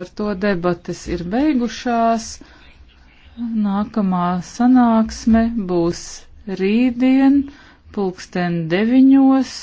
Par to debates ir beigušās. Nākamā sanāksme būs rītdien, pulksten deviņos.